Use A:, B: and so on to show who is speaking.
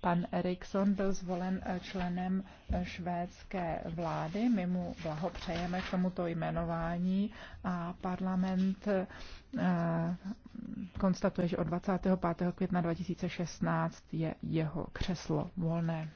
A: Pan Eriksson byl zvolen eh, členem eh, švédské vlády. My mu blahopřejeme k tomuto jmenování a parlament eh, konstatuje, že od 25. května 2016 je jeho křeslo volné.